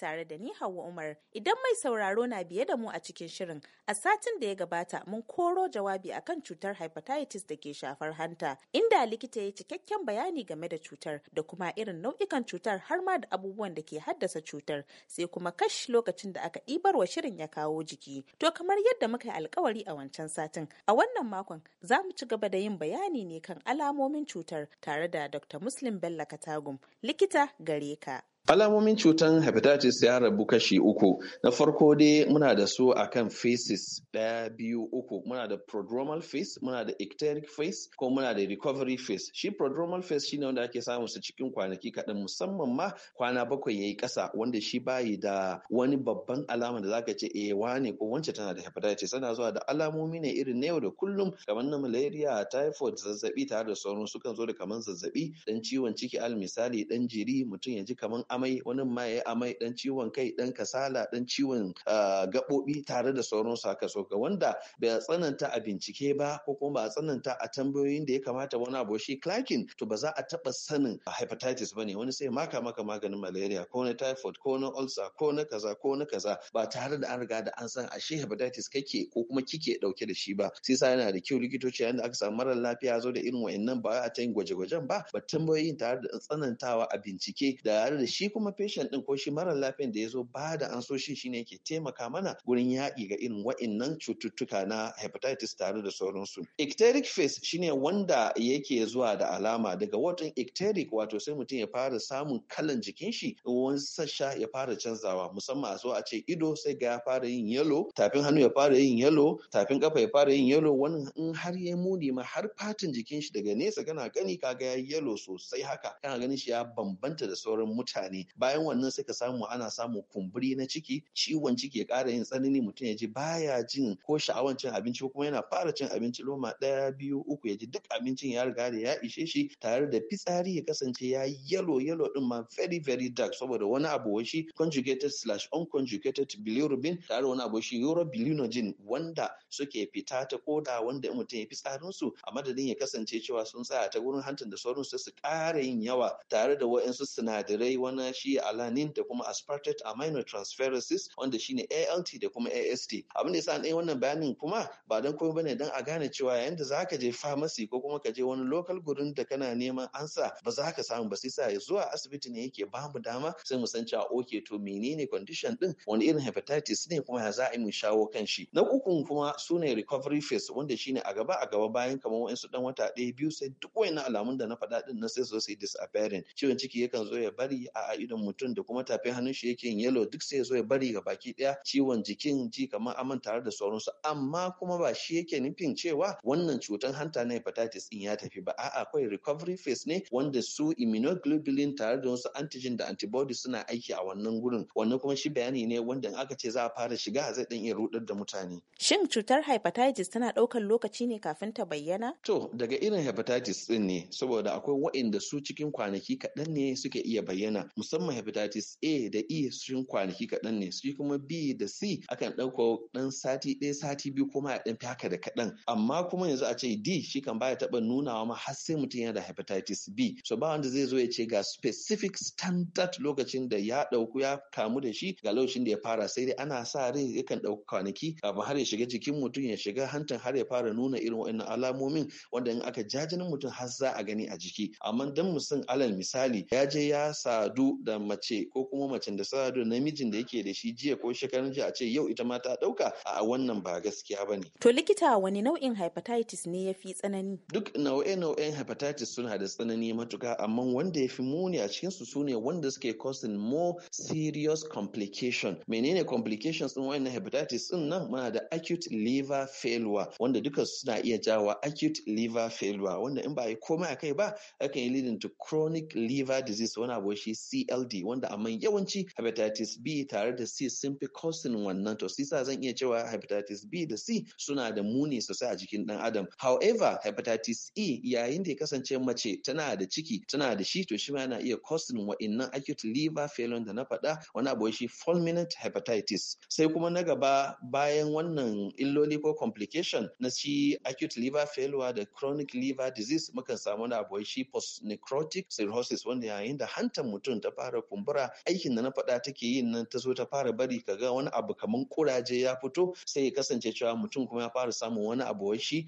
tare da ni Hauwa Umar. Idan mai sauraro na biye da mu a cikin shirin, a satin da ya gabata mun koro jawabi a kan cutar hepatitis da ke shafar hanta, inda likita ya cikakken bayani game da cutar da kuma irin nau'ikan cutar har ma da abubuwan da ke haddasa cutar, sai kuma kash lokacin da aka ɗibar wa shirin ya kawo jiki. To kamar yadda muka yi alkawari a wancan satin, a wannan makon za mu ci gaba da yin bayani ne kan alamomin cutar tare da Dr. Muslim Bello Katagum, likita gare ka. Alamomin cutar hepatitis ya rabu kashi uku. Na farko dai muna da su a kan phases ɗaya biyu uku. Muna da prodromal face muna da ecteric face ko muna da recovery phase. Shi prodromal phase shine wanda ake samun su cikin kwanaki kaɗan musamman ma kwana bakwai yayi ƙasa wanda shi bayi da wani babban alama da zaka ce eh wane ko wance tana da hepatitis. Tana zuwa da alamomi ne irin na yau da kullum kamar na malaria, typhoid, zazzabi tare da sauran sukan zo da kamar zazzabi, dan ciwon ciki al misali dan jiri mutum ya ji kamar amai wani ma ya amai dan ciwon kai dan kasala dan ciwon ah, gaɓoɓi tare da sauran haka soka wanda bai tsananta a bincike ba ko kuma ba tsananta a tambayoyin da ya kamata wani abu shi clacking to ba za a taɓa sanin hepatitis ba ne wani sai maka maka maganin malaria ko na typhoid ko na ulcer ko na kaza ko na kaza ba tare da an riga da an san ashe hepatitis kake ko kuma kike dauke da shi ba sai sa yana da kyau likitoci yayin da aka samu mara lafiya zo da irin wa'annan ba a ta yin gwaje-gwajen ba ba tambayoyin tare da tsanantawa a bincike da tare da shi shi kuma patient din ko shi mara lafiyan da ya zo ba da ansoshin ne yake taimaka mana gurin yaƙi ga irin wa'innan cututtuka na hepatitis tare da sauransu ecteric phase shine wanda yake zuwa da alama daga watan ecteric wato sai mutum ya fara samun kalan jikin shi wani sassa ya fara canzawa musamman a so a ce ido sai ga ya fara yin yalo tafin hannu ya fara yin yalo tafin kafa ya fara yin yalo wani in har ya muni ma har fatin jikin shi daga nesa kana gani kaga ya yalo sosai haka kana ganin shi ya bambanta da sauran mutane mutane bayan wannan sai ka samu ana samu kumburi na ciki ciwon ciki ya ƙara yin tsanani mutum ya ji baya jin ko sha'awan cin abinci ko kuma yana fara cin abinci loma ɗaya biyu uku ya ji duk abincin ya riga da ya ishe shi tare da fitsari ya kasance ya yellow yalo din ma very very dark saboda wani abu shi conjugated slash unconjugated bilirubin tare wani abu shi urobilinogen wanda suke fita ta koda wanda mutum ya fitsarin su a madadin ya kasance cewa sun tsaya ta gurin hantar da sauransu su ƙara yin yawa tare da waɗansu sinadarai wani Ana shi alanin da kuma aspartate aminotransferosis wanda shine ALT da kuma AST abin da yasa an wannan bayanin kuma ba dan komai bane dan a gane cewa yayin da zaka je pharmacy ko kuma ka je wani local gurin da kana neman ansa ba za ka samu ba sai sa zuwa asibiti ne yake ba mu dama sai mu san cewa okay to menene condition din wani irin hepatitis ne kuma ya za a yi mu shawo kan shi na uku kuma sune recovery phase wanda shine a gaba a gaba bayan kamar wa'ansu dan wata ɗaya biyu sai duk wayannan alamun da na faɗa din na sai su sai disappearing ciwon ciki yakan zo ya bari a a idon mutum da kuma tafin hannun shi yake yin yellow duk sai ya zo ya bari ga baki daya ciwon jikin ji kamar aman tare da sauransu amma kuma ba shi yake nufin cewa wannan cutar hanta na hepatitis din ya tafi ba a'a akwai recovery phase ne wanda su immunoglobulin tare da wasu antigen da antibody suna aiki a wannan gurin wannan kuma shi bayani ne wanda in aka ce za a fara shiga zai dan iya rudar da mutane shin cutar hepatitis tana daukan lokaci ne kafin ta bayyana to daga irin hepatitis din ne saboda akwai waɗanda su cikin kwanaki kaɗan ne suke iya bayyana musamman hepatitis A da E sun kwanaki kaɗan ne su kuma B da C akan ɗauko ɗan sati ɗaya sati biyu kuma ya ɗan fi haka da kaɗan amma kuma yanzu a ce D shi kan baya taɓa nunawa ma har sai mutum yana da hepatitis B so ba wanda zai zo ya ce ga specific standard lokacin da ya ɗauku ya kamu da shi ga lokacin da ya fara sai dai ana sa rai yakan ɗauki kwanaki kafin har ya shiga jikin mutum ya shiga hantan har ya fara nuna irin wa'annan alamomin wanda in aka jajinin mutum har za a gani a jiki amma dan mutum alal misali ya je ya sadu da mace ko kuma macen da sa da namijin da yake da shi jiya ko shekarun jiya a ce yau ita ma ta dauka a wannan ba gaskiya bane to likita wani nau'in hepatitis ne yafi tsanani duk nau'e-nau'en hepatitis suna da tsanani matuka amma wanda yafi fi muni a cikin su sune wanda suke causing more serious complication menene complications din wannan hepatitis din nan muna da acute liver failure wanda duka suna iya jawa acute liver failure wanda in ba yi komai akai ba akan yi leading to chronic liver disease wani abu shi CLD wanda man yawanci hepatitis B tare da C sun fi causing wannan to sisa zan iya cewa hepatitis B da C suna da muni sosai a jikin dan adam. However, hepatitis E yayin da ya kasance mace tana da ciki tana da shi to shi ma yana iya causing wa'innan acute liver failure da na faɗa wani abu shi fulminant hepatitis. Sai kuma na gaba bayan wannan illoli ko complication na shi acute liver failure da chronic liver disease mukan samu wani abu shi post necrotic cirrhosis wanda yayin da hantar mutum ta ta fara kumbura aikin da na faɗa take yin nan ta zo ta fara bari kaga wani abu kaman kuraje ya fito sai ya kasance cewa mutum kuma ya fara samun wani abu wai shi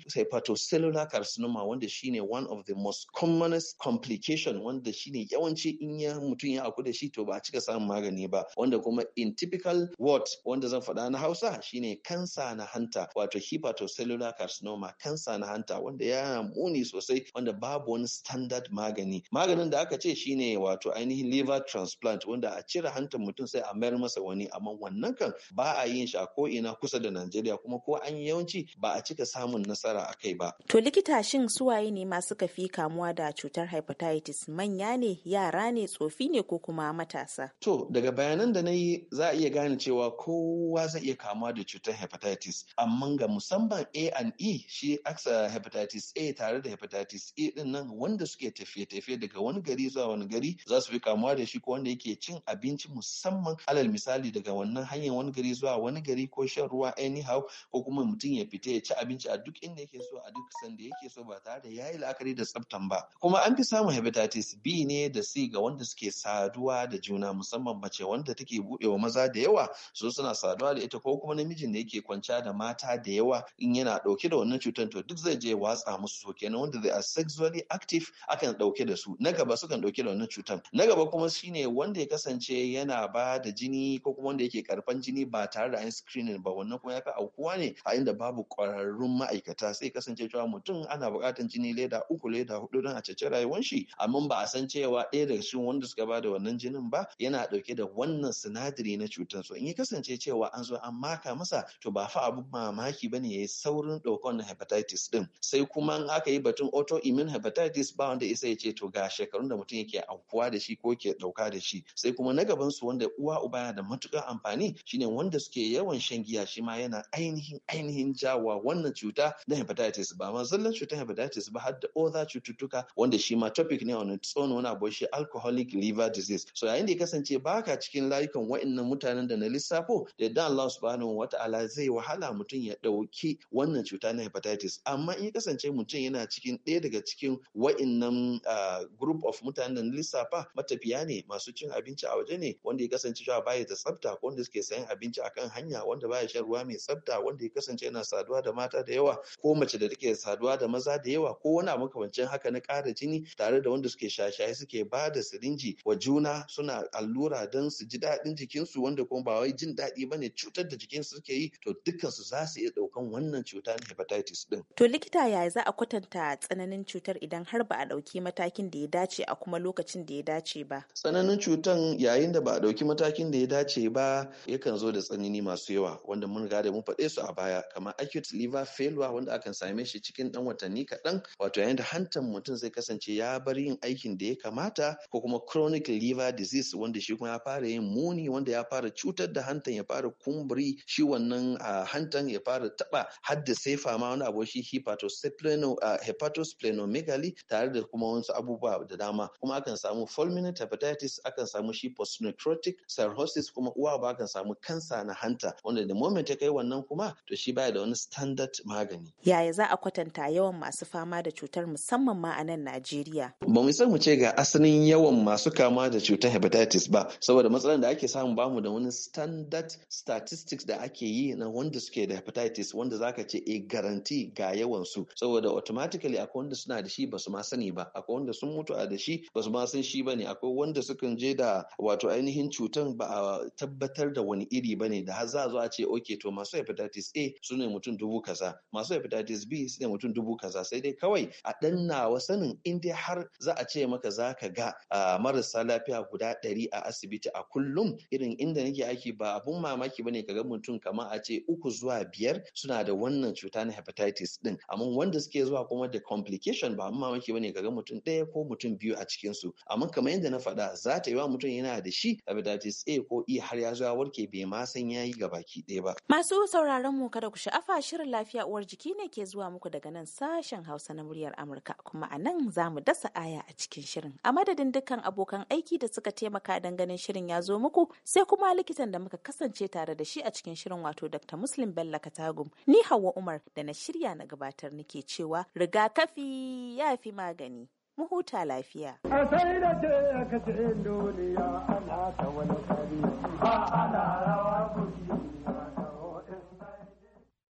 cellular carcinoma wanda shine one of the most commonest complication wanda shine yawanci in ya mutum ya aku da shi to ba a cika samun magani ba wanda kuma in typical word wanda zan faɗa na Hausa shine kansa na hanta wato hepatocellular carcinoma kansa na hanta wanda yana muni sosai wanda babu wani standard magani maganin da aka ce shine wato ainihin liver transplant wanda a cire hantar mutum sai a mayar masa wani amma wannan kan ba a yin shi a ko ina kusa da Najeriya kuma ko an yi yawanci ba a cika samun nasara a kai ba. To likita shin suwaye ne masu kafi kamuwa da cutar hepatitis manya ne yara ne tsofi ne ko kuma matasa? To daga bayanan da na yi za a iya gane cewa kowa zai iya kamuwa da cutar hepatitis amma ga musamman A and E shi aksa hepatitis A tare da hepatitis E din nan wanda suke tafiye-tafiye daga wani gari zuwa wani gari za su fi kamuwa da shi ko wanda yake cin abinci musamman alal misali daga wannan hanyar wani gari zuwa wani gari ko shan ruwa anyhow ko kuma mutum ya fita ya ci abinci a duk inda yake so a duk sanda yake so ba tare da ya yi la'akari da tsaftan ba kuma an fi samun hepatitis B ne da C ga wanda suke saduwa da juna musamman mace wanda take bude wa maza da yawa su suna saduwa da ita ko kuma namijin da yake kwanciya da mata da yawa in yana ɗauke da wannan cutar to duk zai je watsa musu so kenan wanda they are sexually active akan ɗauke da su na gaba sukan ɗauke da wannan cutar na gaba kuma kuma shine wanda ya kasance yana ba da jini ko kuma wanda yake karfan jini ba tare da an screening ba wannan kuma ya fi aukuwa ne a inda babu kwararrun ma'aikata sai kasance cewa mutum ana buƙatar jini leda uku leda hudu don a cece rayuwar shi amma ba a san cewa ɗaya daga cikin wanda suka ba da wannan jinin ba yana ɗauke da wannan sinadari na cutar so in ya kasance cewa an zo an maka masa to ba fa abun mamaki bane yi saurin ɗaukar na hepatitis din sai kuma in aka yi batun autoimmune hepatitis ba wanda isa ya ce to ga shekarun da mutum yake aukuwa da shi ko ke iya dauka da shi sai kuma na gaban su wanda uwa uba yana da matukar amfani shine wanda suke yawan shan giya shi ma yana ainihin ainihin jawa wannan cuta na hepatitis ba ma zallan cutar hepatitis ba har da other cututtuka wanda shi ma topic ne a its own wani abu shi alcoholic liver disease so yayin da ya kasance baka cikin layukan wa'annan mutanen da na lissafo da yadda Allah subhanahu wata'ala zai wahala mutum ya ɗauki wannan cuta na hepatitis amma in ya kasance mutum yana cikin ɗaya daga cikin wa'annan ah, group of mutanen da na lissafa matafiya ne masu cin abinci a waje ne wanda ya kasance cewa baya da tsafta ko wanda suke sayan abinci a kan hanya wanda baya shan ruwa mai tsafta wanda ya kasance yana saduwa da mata da yawa ko mace da take saduwa da maza da yawa ko wani kamancin haka na ƙara jini tare da wanda suke shashaye suke ba da sirinji wa juna suna allura don su ji daɗin jikinsu wanda kuma ba wai jin daɗi ba ne cutar da jikinsu suke yi to dukkansu za su iya ɗaukan wannan cuta na hepatitis din. To likita yaya za a kwatanta tsananin cutar idan har ba a ɗauki matakin da ya dace a kuma lokacin da ya dace ba? tsananin cutan yayin da ba a ɗauki matakin da ya dace ba yakan zo da tsanani masu yawa wanda mun riga da mun faɗe su a baya kamar acute liver failure wanda akan same shi cikin dan watanni kaɗan wato yayin da hantar mutum zai kasance ya bar yin aikin da ya kamata ko kuma chronic liver disease wanda shi kuma ya fara yin muni wanda ya fara cutar da hantan ya fara kumburi shi wannan hantan ya fara taɓa hadda sai fama wani abu shi hepatosplenomegaly tare da kuma wasu abubuwa da dama kuma akan samu fulminant hepatitis hepatitis akan samu shi postnecrotic cirrhosis kuma uwa ba kan samu kansa na hanta wanda da moment ya kai wannan kuma to shi baya da wani standard magani yaya za a kwatanta yawan masu fama da cutar musamman ma a nan Najeriya ba mu san mu ce ga asalin yawan masu kama da cutar hepatitis ba saboda matsalar da ake samu ba mu da wani standard statistics da ake yi na wanda suke da hepatitis wanda zaka ce a eh, garanti ga yawan su saboda automatically akwai wanda suna da shi ba su ma sani ba akwai wanda sun mutu a da shi ba su ma san shi bane akwai wanda suka je da wato ainihin cutan ba a tabbatar da wani iri bane da har za a zo a ce okay to masu hepatitis A su ne mutum dubu kaza masu hepatitis B su ne mutum dubu kaza sai dai kawai a dannawa sanin in dai har za a ce maka za ka ga marasa lafiya guda ɗari a asibiti a kullum irin inda nake aiki ba abun mamaki bane ka ga mutum kamar a ce uku zuwa biyar suna da wannan cuta na hepatitis din amma wanda suke zuwa kuma da complication ba abun mamaki bane ka ga mutum ɗaya ko mutum biyu a cikin su amma kamar yadda na faɗa faɗa za ta yi wa mutum yana da shi hepatitis A ko E har ya zo ya warke bai ma san ya yi gabaki ɗaya ba. Masu sauraron mu kada ku sha'afa shirin lafiya uwar jiki ne ke zuwa muku daga nan sashen Hausa na muryar Amurka kuma a nan za mu dasa aya a cikin shirin. A madadin dukkan abokan aiki da suka taimaka don ganin shirin ya zo muku sai kuma likitan da muka kasance tare da shi a cikin shirin wato Dr. Muslim Bello Katagum. Ni Hauwa Umar da na shirya na gabatar nake cewa rigakafi ya fi magani. mu huta lafiya. A sai duniya ana ta wani